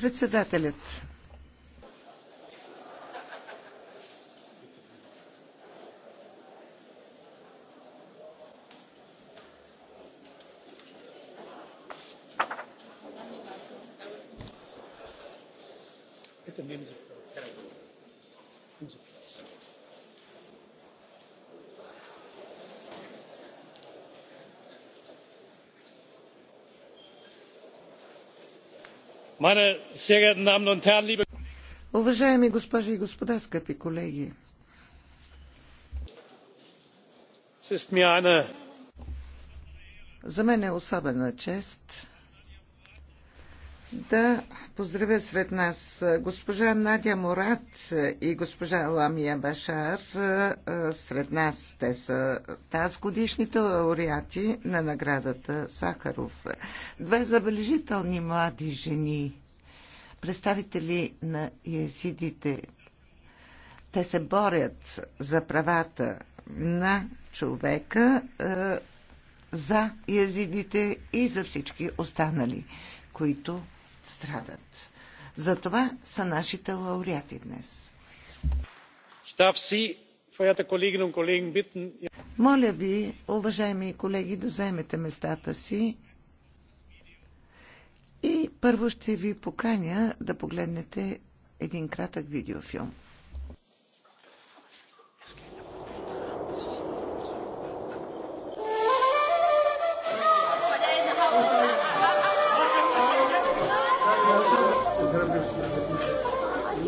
Председателят. Bitte nehmen Sie Platz. Уважаеми госпожи и господа, скъпи колеги! За мен е особена чест да поздравя сред нас госпожа Надя Морат и госпожа Ламия Башар. Сред нас те са тази годишните лауреати на наградата Сахаров. Две забележителни млади жени, представители на езидите. Те се борят за правата на човека, за езидите и за всички останали, които страдат. За това са нашите лауреати днес. Моля ви, уважаеми колеги, да заемете местата си. И първо ще ви поканя да погледнете един кратък видеофилм.